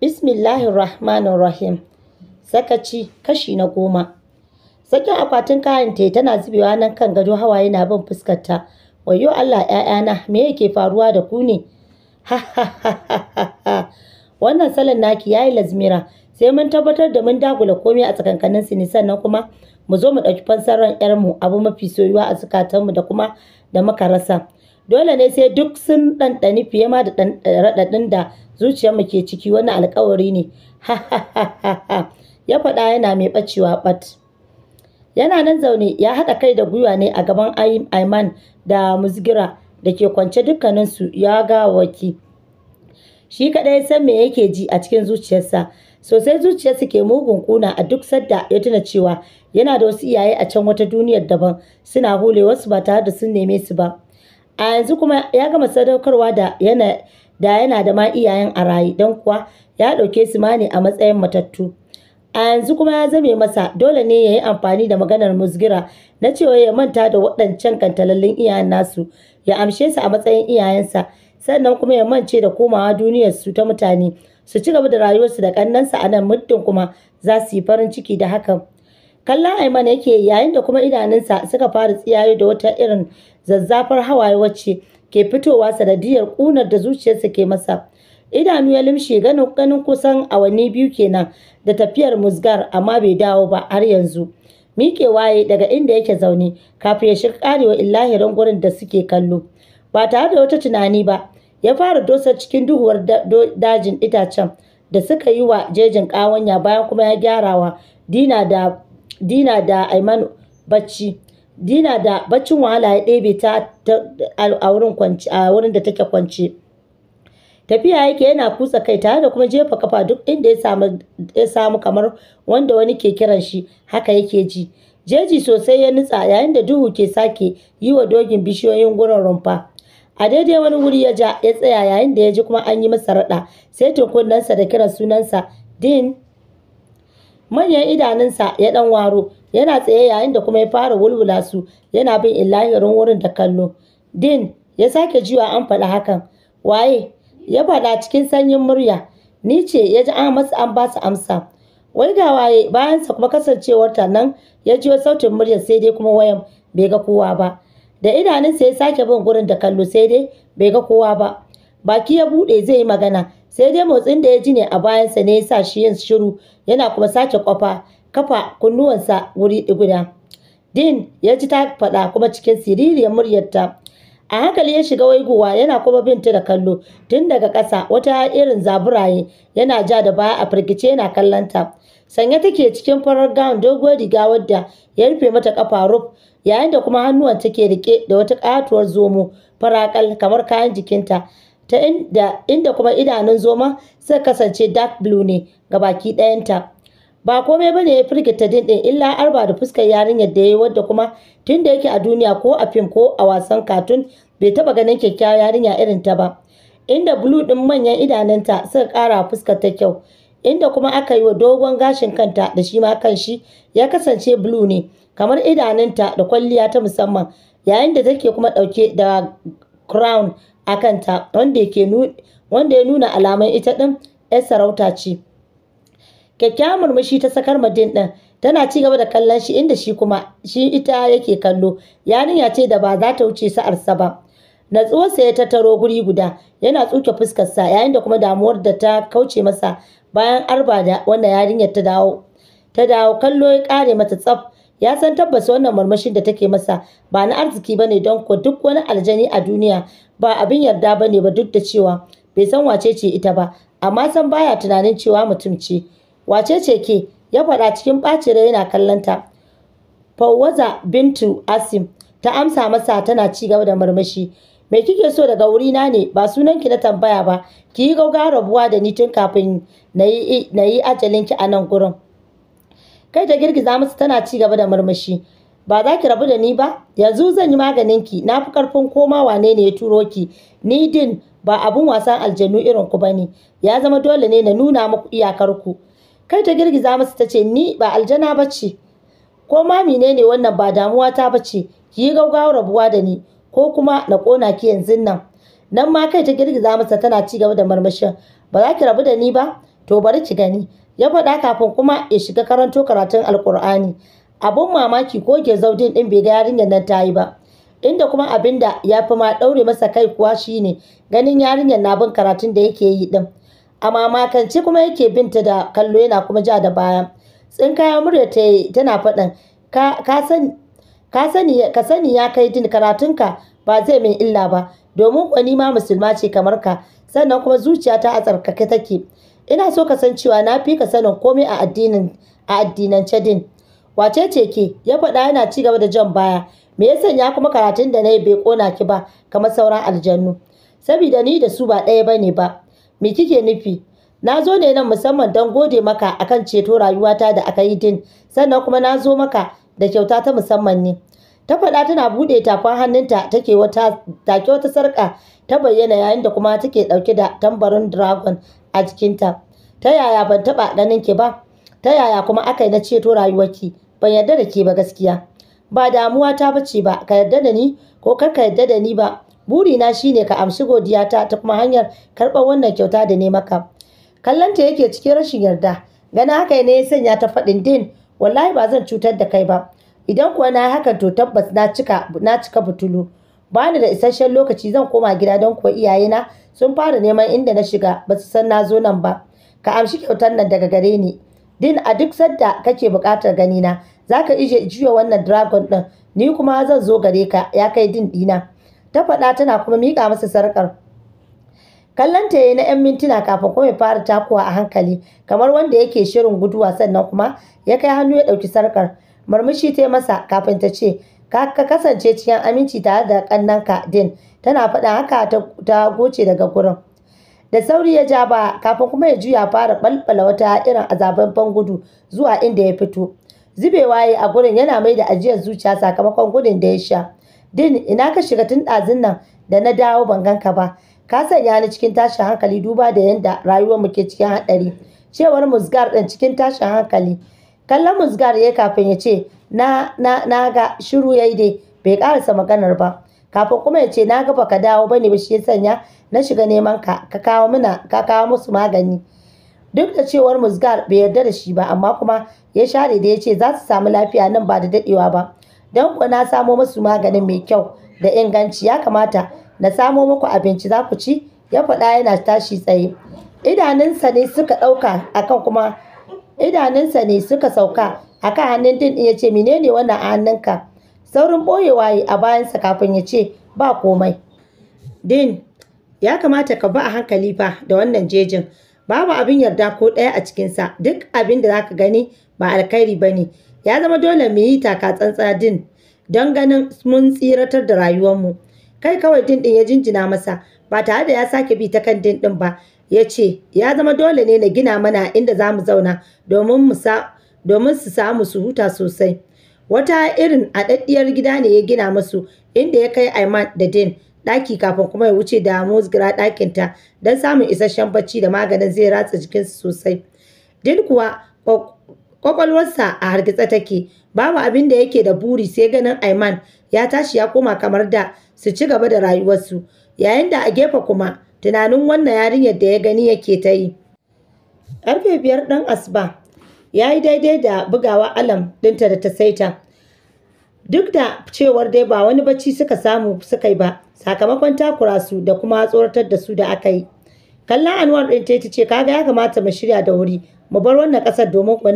Bismillahir Rahmanir Rahim. Sakaci kashi na goma. Sakin akwatin kayan ta tana zubewa nan kan gado hawa yana bin fuskarta. Wayo Allah ‘ya'yana me yake faruwa da ku ne? Wannan salon naki yayi lazmira sai mun tabbatar da mun dagula komai a tsakankanin su ne sannan kuma mu zo mu ɗauki fansar ran mu abu mafi soyuwa a zukatanmu da kuma da muka rasa. Dole ne sai duk sun ɗanɗani fiye ma da raɗaɗin da zuciyar mu ke ciki wani alkawari ne ha ya faɗa yana mai ɓacewa ɓat yana nan zaune ya haɗa kai da gwiwa ne a gaban Aiman da Musgira da ke kwance dukkaninsu ya ga waki shi kaɗai san me yake ji a cikin zuciyarsa sosai zuciyarsa ke mugun kuna a duk sadda ya tuna cewa yana da wasu iyaye a can wata duniyar daban suna hule wasu ba tare da sun neme su ba a yanzu kuma ya gama sadaukarwa da yana da yana da ma iyayen a raye don kuwa ya ɗauke su ma ne a matsayin matattu. A yanzu kuma ya zame masa dole ne ya yi amfani da maganar musgira na cewa ya manta da waɗancan kantalallin iyayen nasu ya amshe su a matsayin iyayensa sannan kuma ya mance da komawa duniyarsu ta mutane su ci gaba da rayuwarsu da ƙannansa a nan muddin kuma za su yi farin ciki da hakan. Kallon Aiman yake yayin da kuma idanunsa suka fara tsiyayo da wata irin zazzafar hawaye wacce ke fitowa sanadiyar ƙunar da zuciyarsa ke masa idanu ya limshe ganin ganin kusan awanni biyu kenan da tafiyar musgar amma bai dawo ba har yanzu mike waye daga inda yake zaune kafin ya shiga karewa Illahi gurin da suke kallo ba tare da wata tunani ba ya fara dosa cikin duhuwar dajin itacen da suka yi wa jejin ƙawanya bayan kuma ya gyarawa dina da dina da aiman bacci Dina da baccin wahala ya ɗebe ta a wurin a wurin da take kwance. Tafiya yake yana kutsa kai tare da kuma jefa kafa duk inda ya samu kamar wanda wani ke kiran shi haka yake ji. Jeji sosai ya nutsa yayin da duhu ke sake yi wa dogin bishiyoyin gurin rumfa. A daidai wani wuri ya ja ya tsaya yayin da ya ji kuma an yi masa raɗa sai tunkunnensa da kiran sunansa Din. Manyan idanunsa ya ɗan waro Yana tsaye yayin da kuma ya fara wulwula su yana bin illahirin wurin da kallo. Din ya sake jiwa an faɗi hakan. Waye? Ya faɗa cikin sanyin murya. Ni ce ya ji an masu an ba su amsa. Wai ga waye bayansa kuma kasancewarta nan ya jiyo sautin murya, sai dai kuma wayan bai ga kowa ba. Da idanunsa ya sake bin gurin da kallo sai dai bai ga kowa ba. Baki ya buɗe zai yi magana sai dai motsin da ya ji ne a bayansa ne ya sa shi yin shiru yana kuma sake kwafa kafa kunnuwansa wuri guda. Din ya ji ta faɗa kuma cikin siririyar muryarta. A hankali ya shiga waiguwa yana kuma bin ta da kallo tun daga ƙasa wata irin zaburaye yana ja da baya a firgice yana kallon ta. Sanye take cikin farar gown doguwar riga wadda ya rufe mata kafa ruf yayin da kuma hannuwan take rike da wata katuwar zomo farakal kamar kayan jikinta. Ta inda, inda kuma idanun zoma suka kasance dark blue ne ga baki ɗayanta. ba komai bane ya firgita din din illa arba da fuskar yarinyar da yayi wanda kuma tunda yake a duniya ko a fim ko a wasan katun bai taba ganin kyakkyawar yarinya irin ta ba inda blue din manyan idanunta suka kara fuskar ta kyau inda kuma aka yi wa dogon gashin kanta da shi ma kanshi ya kasance blue ne kamar idanunta da kwalliya ta musamman yayin da take kuma dauke da crown a kanta wanda ya nuna alaman ita din 'yar sarauta ce kyakkyawan murmushi ta sakar madin din tana ci gaba da kallon shi inda shi kuma shi ita yake kallo yarinya ce da ba za ta wuce sa'arsa ba natsuwarsa ya tattaro guri guda yana tsuke fuskar sa yayin da kuma damuwar da ta kauce masa bayan arba da wannan yarinyar ta dawo ta dawo kallo ya kare mata tsaf ya san tabbas wannan murmushin da take masa ba na arziki bane don ko duk wani aljani a duniya ba abin yarda bane ba duk da cewa bai san wace ce ita ba amma san baya tunanin cewa mutum ce wace ce ke ya faɗa cikin ɓacin rai yana kallon ta fawwaza bintu asim ta amsa masa tana ci gaba da murmushi me kike so daga wuri na ne ba sunan ki na tambaya ba ki yi gauga rabuwa da ni tun kafin na yi ki a nan gurin kai ta girgiza masa tana ci gaba da murmushi ba za ki rabu da ni ba yanzu zan yi maganin ki. na fi karfin koma wane ne ya turo ki ni din ba abun wasan aljanu irin ku bane ya zama dole ne na nuna muku iyakar ku. kai ta girgiza masa ta ce ni ba aljana ba ce ko ma menene wannan ba damuwa ta ba ce ki yi gaugawar rabuwa da ni ko kuma na kona ki yanzu nan nan ma kai ta girgiza masa tana ci gaba da marmashin ba za ki rabu da ni ba to bari ki gani ya faɗa kafin kuma ya shiga karanto karatun alkur'ani abun mamaki ko ke zaudin din bai ga yarinyar nan ta yi ba inda kuma abin da ya fi ma ɗaure masa kai kuwa shine ganin yarinyar na bin karatun da yake yi din. a mamakanci kuma yake binta da kallo yana kuma ja da baya tsinkaya murya ta yi tana faɗin ka sani ya kai din karatunka ba zai min illa ba domin kwani ma musulma ce kamar ka sannan kuma zuciya ta a tsarkake take ina so ka san cewa na fi ka sanin komai a addinin a addinance din wace ce ke ya faɗa yana ci gaba da jan baya me ya sanya kuma karatun da na yi bai kona ki ba kamar sauran aljannu Sabida ni da su ba ɗaya bane ba me kike nufi na zo ne nan musamman don gode maka akan ceto rayuwata da aka yi din sannan kuma na zo maka da kyauta ta musamman ne ta faɗa tana buɗe tafan hannunta take wata take wata sarƙa ta bayyana yayin da kuma take ɗauke da tambarin dragon a jikinta ta yaya ban taɓa ganin ki ba ta yaya kuma aka yi na ceto rayuwarki ban yarda da ke ba gaskiya ba damuwa ta bace ba ka yarda da ni ko kar ka yarda da ni ba burina shine ka amshi godiyata ta kuma hanyar karɓar wannan kyauta da ne maka kallanta yake cikin rashin yarda gana haka ne ya sanya ta faɗin din wallahi ba zan cutar da kai ba idan kuwa na hakan to tabbas na cika na cika butulu bani da isasshen lokaci zan koma gida don kuwa iyayena sun fara neman inda na shiga ba su san na zo nan ba ka amshi kyautar nan daga gare ni din a duk sadda kake buƙatar ganina za ka ije jiyo wannan dragon ɗin ni kuma zan zo gare ka ya kai din ɗina ta faɗa tana kuma miƙa masa sarƙar kallon ta yayi na 'yan mintuna kafin kuma ya fara takuwa a hankali kamar wanda yake shirin guduwa sannan kuma ya kai hannu ya ɗauki sarƙar murmushi ta masa kafin ta ce ka kasance cikin aminci tare da ƙannan ka, din tana faɗa haka ta goce daga gurin da sauri ya ja ba kafin kuma ya juya fara ɓalɓala wata irin ban gudu zuwa inda ya fito zubewa ya a gurin yana mai da ajiyar zuciya sakamakon gudun da ya sha Din ina ka shiga tun ɗazun nan da na dawo ban ganka ba. Ka sanya ni cikin tashin hankali duba da yadda mu ke cikin haɗari. Cewar Musgar ɗin cikin tashin hankali. Kallon Musgar ya kafin ya ce na na na ga shiru yayi dai bai karasa maganar ba. Kafin kuma ya ce na ga baka dawo bane ba shi ya sanya na shiga neman ka ka kawo ka kawo musu magani. Duk da cewar Musgar bai yarda da shi ba amma kuma ya share da ya ce za su samu lafiya nan ba da daɗewa ba. don ku na samo musu maganin mai kyau da inganci ya kamata na samo muku abinci za ku ci ya faɗa yana tashi tsaye idanunsa ne suka ɗauka akan kuma idanunsa ne suka sauka akan hannun din ya ce menene wannan a hannunka saurin ɓoyewa yi a bayansa kafin ya ce ba komai din ya kamata ka ba a hankali fa da wannan jejin babu abin yarda ko ɗaya a cikinsa duk abin da za ka gani ba alkhairi ba ne Ya zama dole mu yi taka tsantsa din don ganin mun tsiratar da rayuwarmu. Kai kawai din din ya jinjina masa ba tare da ya sake bi ta kan din din ba. Ya ce, ya zama dole ne na gina mana inda za mu zauna domin su samu su huta sosai. Wata irin haɗaɗɗiyar gida ne ya gina masu inda ya kai Aiman da Din ɗaki kafin kuma ya wuce da Musgira ɗakinta don samun isasshen bacci da maganin zai ratsa jikinsu sosai. Din kuwa Kwakwalwarsa a hargitse take, babu abin da yake da buri sai ganin Aiman ya tashi ya koma kamar da su ci gaba da rayuwarsu. Yayin da a gefe kuma tunanin wannan yarinyar da ya gani yake ta yi. Ƙarfe biyar ɗan asuba ya yi daidai da bugawa alam ɗinta da ta saita. Duk da cewar dai ba wani bacci suka samu suka yi ba sakamakon takura su da kuma tsoratar da su da aka yi. Kallon Anwar ɗin ta ce kaga ya kamata mu shirya da wuri mu bar wannan ƙasar domin ku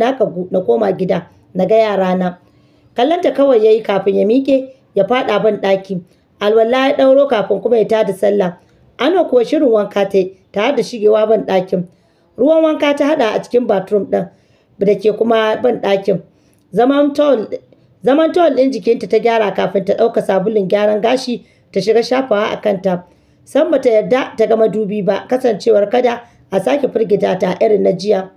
na koma gida na ga yara na kallanta kawai yayi kafin ya mike ya faɗa ban daki alwala ya ɗauro kafin kuma ya tada sallah ana kuwa shirin wanka ta ta da shigewa ban dakin ruwan wanka ta haɗa a cikin bathroom ɗin da ke kuma ban dakin zaman tol ɗin jikinta ta gyara kafin ta ɗauka sabulun gyaran gashi ta shiga shafawa a kanta san bata yarda ta gama dubi ba kasancewar kada a sake firgita ta irin na jiya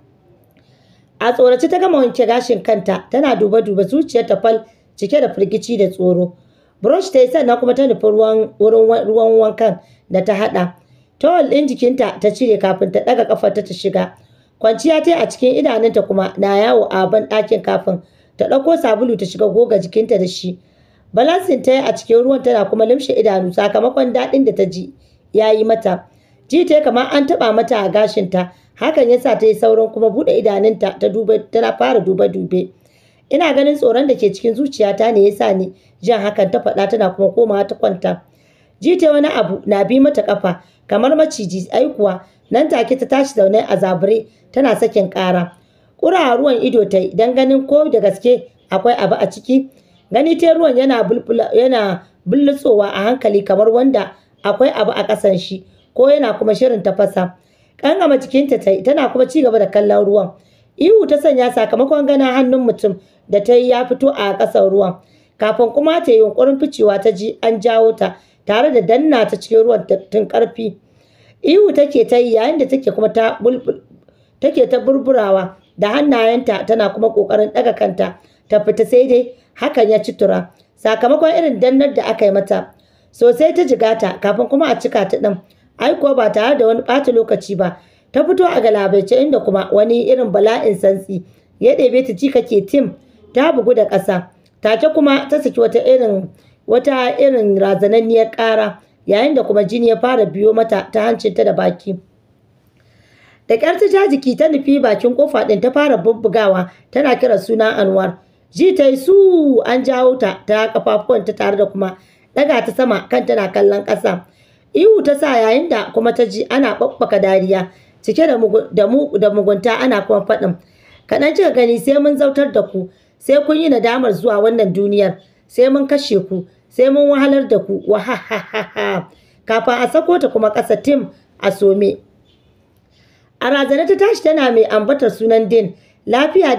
A tsorace ta gama wanke gashin kanta tana duba-duba zuciyar ta fal cike da firgici da tsoro. Brush ta yi sannan kuma ta nufi ruwan ruwan wankan da ta haɗa. Towel ɗin jikinta ta cire kafin ta ɗaga ƙafarta ta ta shiga. Kwanciya ta yi a cikin idanunta kuma na yawo a ban ɗakin kafin ta ɗauko sabulu ta shiga goga jikinta da shi. Balansin ta yi a cikin ruwan tana kuma limshe idanu sakamakon daɗin da ta ji ya yi mata. Ji ta kamar an taɓa mata a gashinta hakan ya sa ta yi saurin kuma buɗe idanunta ta duba tana fara duba dube ina ganin tsoron da ke cikin zuciyata ne ya sa ni jan hakan ta faɗa tana kuma komawa ta kwanta jita wani abu na bi mata kafa kamar maciji aikuwa. kuwa nan take ta tashi zaune a zabure tana sakin ƙara ƙura ruwan ido ta don ganin ko da gaske akwai abu a ciki gani ta ruwan yana yana bullutsowa a hankali kamar wanda akwai abu a ƙasan shi ko yana kuma shirin tafasa kangama jikinta ta yi tana kuma ci gaba da kallon ruwan ihu ta sanya sakamakon gana hannun mutum da ta yi ya fito a ƙasar ruwan kafin kuma ta yi yunkurin ficewa ta ji an jawo ta tare da danna ta cikin ruwan tun ƙarfi ihu take ta yi yayin da take kuma ta take ta burburawa da hannayenta tana kuma ƙoƙarin ɗaga kanta ta fita sai dai hakan ya ci tura sakamakon irin dannar da aka yi mata sosai ta jigata kafin kuma a cika ta ɗin ai ba tare da wani ɓata lokaci ba ta fito a galabaice inda kuma wani irin bala'in santsi ya ɗebe ta kake tim ta bugu da ƙasa take kuma ta saki wata irin wata irin razananniyar ƙara yayin da kuma jini ya fara biyo mata ta hancin ta da baki da ƙyar ta ja jiki ta nufi bakin kofa ɗin ta fara bubbugawa tana kira suna anwar ji ta yi su an jawo ta ta kafafuwanta tare da kuma ɗaga ta sama kan tana kallon ƙasa Ihu ta sa yayin da kuma ta ji ana ɓaɓɓaka dariya cike da mugunta ana kuma faɗin. Kaɗan kika gani sai mun zautar da ku, sai kun yi nadamar zuwa wannan duniyar, sai mun kashe ku, sai mun wahalar da ku, wahahaha. Kafin a sako ta kuma ƙasa tim a some. A razana ta tashi tana mai ambatar sunan din, lafiya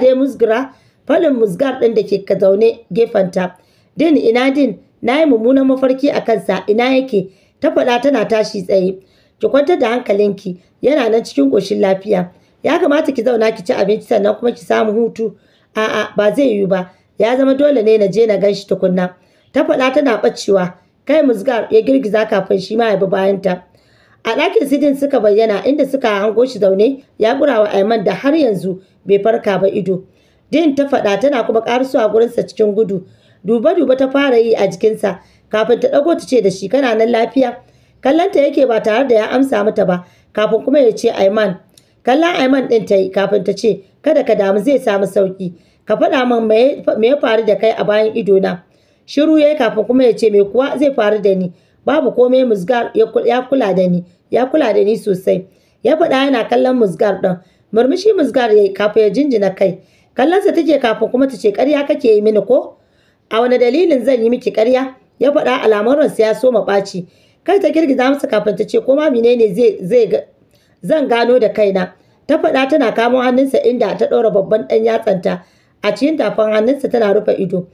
dai musgira, falin musgar ɗin da ke ka zaune gefenta. Din ina din, na yi mummunan mafarki a kansa ina yake ta faɗa tana tashi tsaye ki kwantar da hankalinki yana nan cikin ƙoshin lafiya ya kamata ki zauna ki ci abinci sannan kuma ki samu hutu a'a ba zai yiwu ba ya zama dole ne na je na ganshi shi tukunna ta faɗa tana ɓacewa kai musgar ya girgiza kafin shi ma ya bi bayanta a ɗakin sidin suka bayyana inda suka hango shi zaune ya wa aiman da har yanzu bai farka ba ido din ta faɗa tana kuma ƙarasuwa gurinsa cikin gudu duba-duba ta fara yi a jikinsa kafin ta ɗago ta ce da shi kana nan lafiya kallanta yake ba tare da ya amsa mata ba kafin kuma ya ce Aiman kallon Aiman ɗin ta yi kafin ta ce kada ka damu zai samu sauki ka faɗa min me ya faru da kai a bayan ido na shiru ya yi kafin kuma ya ce me kuwa zai faru da ni babu komai musgar ya kula da ni ya kula da ni sosai ya faɗa yana kallon musgar ɗin murmushi musgar ya yi kafin ya jinjina kai kallonsa take kafin kuma ta ce ƙarya kake yi mini ko a wani dalilin zan yi miki karya? ya faɗa Alamar ransa ya soma ɓaci kai ta girgiza masa kafin ta ce ko ma menene zai zan gano da kaina ta faɗa tana kamo hannunsa inda ta ɗora babban ɗan yatsanta a cikin tafin hannunsa tana rufe ido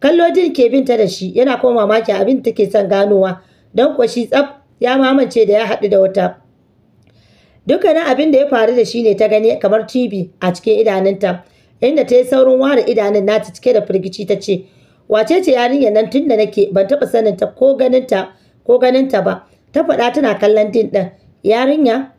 kallo jin ke binta da shi yana kuma mamaki abin da take son ganowa don kuwa shi tsaf ya mamance da ya haɗu da wata dukkanin abin da ya faru da shi ne ta gani kamar TV a cikin idanunta inda ta yi saurin ware idanun nata cike da firgici ta ce wace ce yarinyar nan tunda nake ban taɓa sanin ta ko ganin ta ko ganin ta ba ta faɗa tana kallon din ɗin yarinya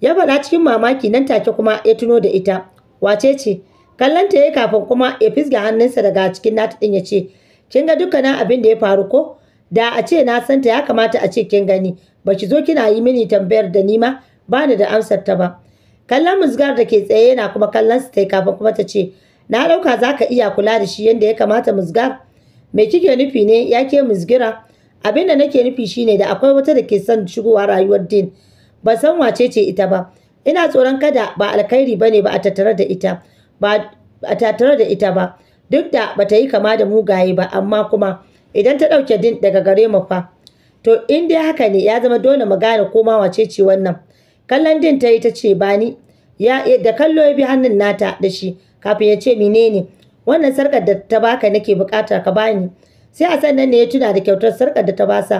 ya faɗa cikin mamaki nan take kuma ya tuno da ita wace ce kallon ta yayi kafin kuma ya fisga hannunsa daga cikin nata ɗin ya ce kin ga dukkanin abin da ya faru ko da a ce na san ta ya kamata a ce kin gani ba ki zo kina yi mini tambayar da ni ma ba ni da amsar ta ba kallon musgar da ke tsaye yana kuma kallon su ta kafin kuma ta ce na ɗauka za ka iya kula da shi yadda ya kamata musgar me kike nufi ne ya ke musgira abin da nake nufi shine da akwai wata da ke son shigowa rayuwar din ba san wace ce ita ba ina tsoron kada ba alkhairi bane ba a tattare da ita ba a da ba duk da bata yi kama da mugaye ba amma kuma idan ta ɗauke din daga gare mu fa to in dai haka ne ya zama dole mu gane ko ma wace ce wannan kallon din ta yi ta ce bani ya da kallo ya bi hannun nata da shi kafin ya ce menene wannan sarkar da ta baka nake bukata ka bani sai a sannan ne ya tuna da kyautar sarkar da ta basa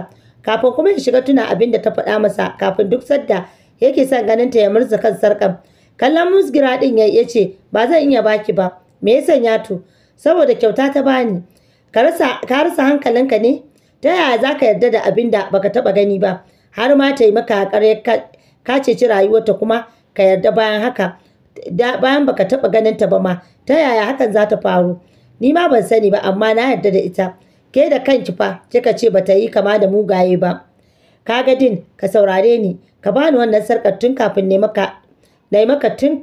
kafin kuma ya shiga tuna abin da ta faɗa masa kafin duk sadda yake son ganin ta ya murza kan sarkar kallon musgira din ya ce ba zan iya baki ba me ya sanya to saboda kyauta ta bani ka rasa hankalinka ne ta yaya za ka yarda da abin da baka taba gani ba har ma ta yi maka ƙarya ka rayuwarta kuma ka yarda bayan haka bayan baka taba ganin ta ba ma ta yaya hakan za ta faru ni ma ban sani ba amma na yarda da ita ke da kanki fa kika ce bata yi kama da mugaye ba kaga din ka saurare ni ka bani wannan sarkar tun kafin ne maka maka tun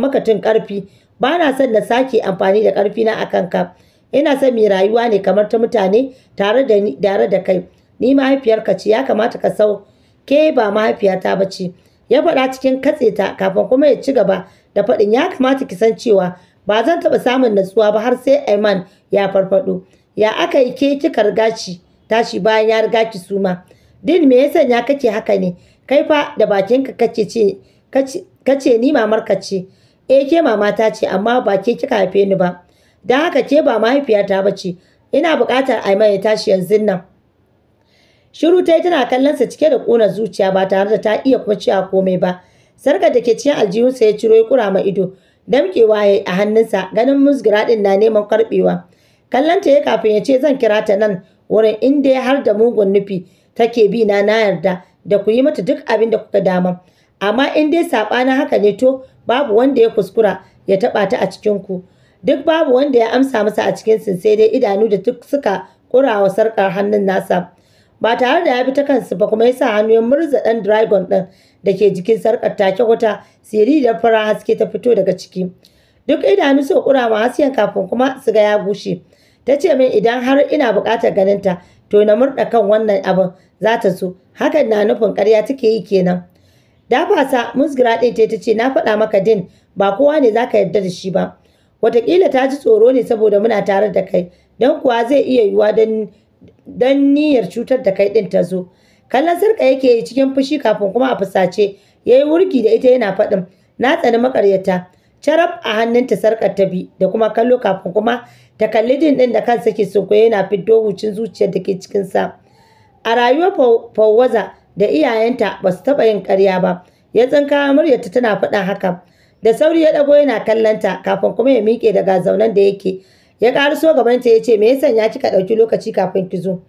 maka tun karfi ba na son na sake amfani da karfi na akan ka ina son mai rayuwa ne kamar ta mutane tare da tare da kai ni mahaifiyarka ce ya kamata ka sau ke ba mahaifiyata ba ce ya faɗa cikin katse ta kafin kuma ya ci gaba da faɗin ya kamata ki san cewa ba zan taɓa samun natsuwa ba har sai Aiman ya farfaɗo. Ya aka yi ke kika riga shi tashi bayan ya riga ki suma. Din me ya sanya kake haka ne? Kai fa da bakinka kace ce kace ni mamarka ce. E ke mamata ce amma ba ke kika haife ni ba. dan haka ke ba mahaifiyata ba ce. Ina buƙatar Aiman ya tashi yanzu nan. Shiru ta yi tana sa cike da ƙona zuciya ba tare da ta iya kuma cewa komai ba. Sarkar da ke cikin aljihunsa ya ciro ya kura ma ido, damƙewa ya a hannunsa ganin musgira ɗin na neman karɓewa. Kallonta ya kafin ya ce zan kira ta nan wurin inda ya har da mugun nufi take bi na na yarda da ku yi mata duk abin da kuka dama. Amma in dai saɓanin haka ne to babu wanda ya kuskura ya taɓa ta a cikin ku. Duk babu wanda ya amsa masa a cikin sai dai idanu da duk suka kurawa sarkar hannun nasa. ba tare da ya bi ta kansu ba kuma ya sa hannu murza ɗan dragon ɗin da ke jikin sarƙar take wata da fara haske ta fito daga ciki duk idanu su kura ma hasken kafin kuma su ga ya bushe ta ce min idan har ina buƙatar ta to na murɗa kan wannan abin za ta so hakan na nufin ƙarya take yi kenan dafasa musgira ɗin ta ce na faɗa maka din ba kowa ne za ka yarda da shi ba wataƙila ta ji tsoro ne saboda muna tare da kai don kuwa zai iya yiwuwa don dan niyyar cutar da kai din ta zo kallon sarka yake yi cikin fushi kafin kuma a fusace yayi yi wurgi da ita yana faɗin na tsani makaryata carab a hannunta sarkar ta bi da kuma kallo kafin kuma ta kalli din din da kansa ke sunkuye yana fito hucin zuciyar da ke cikinsa a rayuwar fawwaza da iyayenta ba su taɓa yin ƙarya ba ya tsinka muryarta tana faɗin haka da sauri ya ɗago yana kallonta kafin kuma ya miƙe daga zaunen da yake ya ƙaruso gabanta ya ce me yasa ya kika ɗauki lokaci kafin ki zo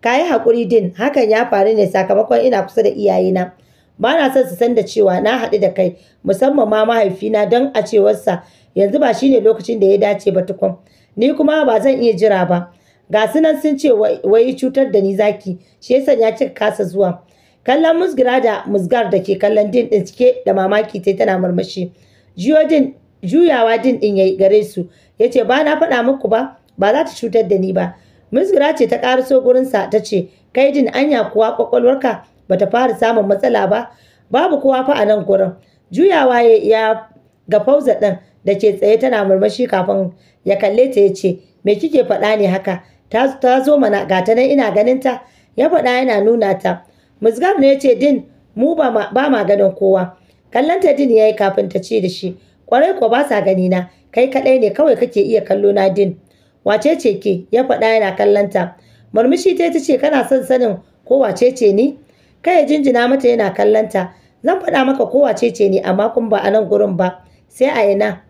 ka yi haƙuri din hakan ya faru ne sakamakon ina kusa da iyayena ba na son su san da cewa na haɗu da kai musamman ma mahaifina don a cewarsa yanzu ba shine lokacin da ya dace ba tukun ni kuma ba zan iya jira ba ga su nan sun ce wai cutar da ni zaki shi yasa ya cika kasa zuwa kallon musgira da musgar da ke kallon din din cike da mamaki tai tana murmushi din juyawa din din yayi gare su yace ba na faɗa muku ba ba za ta cutar da ni ba misgira ce ta ƙaraso gurinsa ta ce kai din anya kuwa ba bata fara samun matsala ba babu kowa fa a nan gurin juyawa ya ga fauza ɗin da ke tsaye tana murmushi kafin ya kalle ta ya ce me kike faɗa ne haka ta zo mana ga ta nan ina ganin ta ya faɗa yana nuna ta musgar ne ya ce din mu ba ma ganin kowa kallon ta din ya yi kafin ta ce da shi Kwarai ko ba sa gani na, kai kadai ne kawai kake iya kallo na din. Wace ce ke? Ya faɗa yana kallonta. Murmushi ta ta ce kana son sanin ko wace ce ni? Kai ya jinjina mata yana kallonta. Zan faɗa maka ko wace ce ni amma kun ba a nan gurin ba. Sai a ina.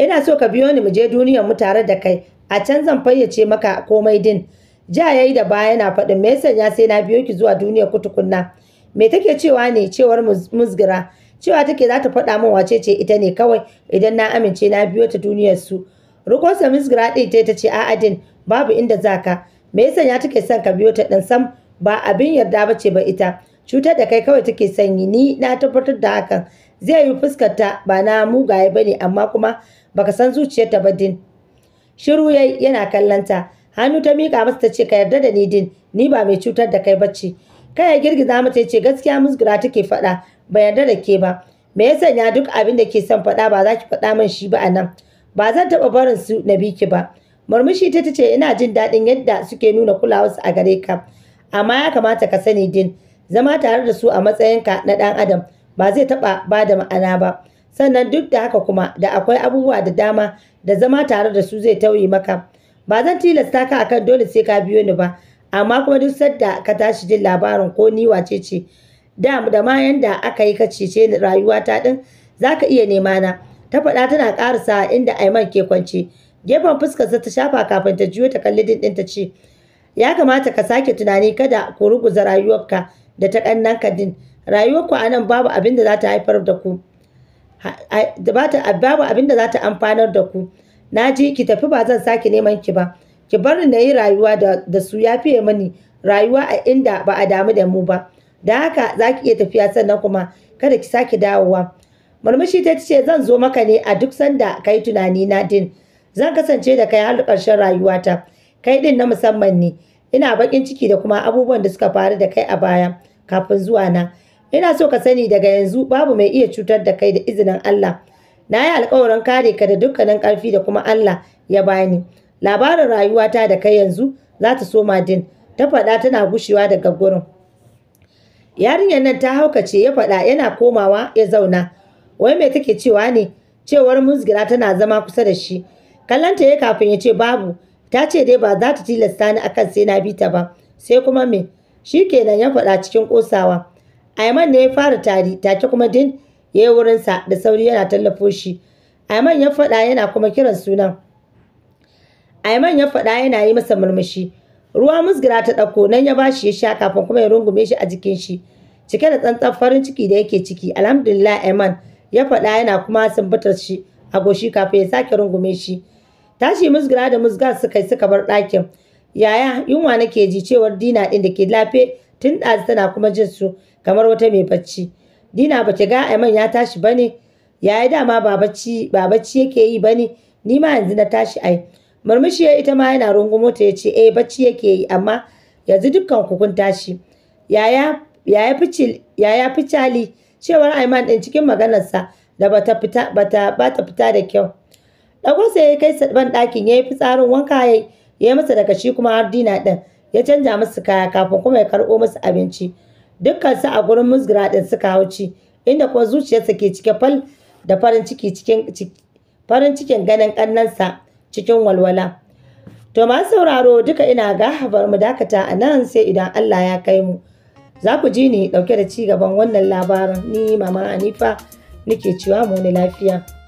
Ina so ka biyo ni mu je duniyar mu tare da kai. A can zan fayyace maka komai din. Ja ya yi da baya yana faɗin me ya sai na biyo ki zuwa duniyar kutukunna. Me take cewa ne cewar musgira. cewa take za ta faɗa min wace ce ita ne kawai idan na amince na biyo ta duniyar su sa miss grady ta tace ce babu inda zaka me yasa ya take son ka biyo ta dan sam ba abin yarda ba ce ba ita cutar da kai kawai take sanyi ni na tabbatar da hakan zai yi fuskar ta ba na mugaye bane amma kuma baka san zuciyarta ba din shiru yayi yana kallanta hannu ta mika masa tace ka yarda da ni din ni ba mai cutar da kai bace kai ya girgiza mata ya ce gaskiya musgura take faɗa Ba yarda da ke ba me ya sanya duk abin da ke son faɗa ba za ki faɗa min shi ba a nan ba zan taɓa barin su na bi ki ba murmushi ta ce ina jin daɗin yadda suke nuna kulawarsu a gare ka amma ya kamata ka sani din zama tare da su a matsayinka na ɗan adam ba zai taɓa ba da ma'ana ba sannan duk da haka kuma da akwai abubuwa da dama da zama tare da su zai tauye maka ba zan tilasta ka akan dole sai ka biyo ni ba amma kuma duk sadda ka tashi jin labarin ko ni wace ce da da ma yanda aka yi ka cece rayuwa ta din zaka iya nema na ta faɗa tana sa inda Aiman ke kwance gefen sa ta shafa kafin ta juyo ta kalli din ɗin ta ce ya kamata ka sake tunani kada ku ruguza rayuwarka da ta ƙannanka din rayuwarku a nan babu abin da za ta haifar da ku babu abin da za ta amfanar da ku na ji ki tafi ba zan sake neman ki ba ki bar ni na yi rayuwa da su ya fiye mani rayuwa a inda ba a damu da mu ba da haka za ki iya tafiya sannan kuma kada ki sake dawowa murmushi ta ce zan zo maka ne a duk sanda kai tunani na din zan kasance da kai har ƙarshen rayuwata kai din na musamman ne ina baƙin ciki da kuma abubuwan da suka faru da kai a baya kafin zuwa na ina so ka sani daga yanzu babu mai iya cutar da kai da izinin Allah na yi alƙawarin kare ka da dukkanin ƙarfi da kuma Allah ya bani labarin rayuwata da kai yanzu za ta so din. ta faɗa tana gushewa daga gurin yarinyar nan ta haukace ya faɗa yana komawa ya zauna wai me take cewa ne cewar musgira tana zama kusa da shi kallanta ya kafin ya ce babu ta ce dai ba za ta tilasta ni akan sai na bi ta ba sai kuma me shi kenan ya faɗa cikin ƙosawa Aiman ne ya fara tari take kuma din ya yi wurinsa da sauri yana tallafo shi Aiman ya faɗa yana kuma kiran sunan Aiman ya faɗa yana yi masa murmushi. Ruwa musgira ta ɗauko nan ya bashi ya sha kafin kuma ya rungume shi a jikin shi. Cike da tsantsan farin ciki da yake ciki. Alhamdulillah Aiman ya faɗa yana kuma sumbatar shi a goshi kafin ya sake rungume shi. Tashi musgira da musga suka yi suka bar ɗakin. Yaya yunwa nake ji cewar dina ɗin da ke lafe tun ɗazu tana kuma jin su kamar wata mai bacci. Dina ba ga Aiman ya tashi ba ne. Yaya dama ba ba bacci yake yi ba ne. Ni ma yanzu na tashi ai. murmushi ita ma yana rungumo ta ya ce eh bacci yake yi amma yanzu dukkan ku kun tashi yaya yaya fici yaya ficali cewar Aiman din cikin maganarsa da bata fita bata bata fita da kyau dago sai ya kai ban dakin yayi fitsarin wanka ya yi masa daga shi kuma har dina ɗin ya canja musu kaya kafin kuma ya karbo musu abinci dukkan sa a gurin musgira din suka hauci inda kuma zuciyarsa ke cike fal da farin ciki cikin farin cikin ganin kannansa cikin walwala to masu sauraro duka ina ga bar mu dakata a nan sai idan Allah ya kai mu za ku ji ni dauke da ci gaban wannan labarin ni mama Anifa nake cewa mu ni lafiya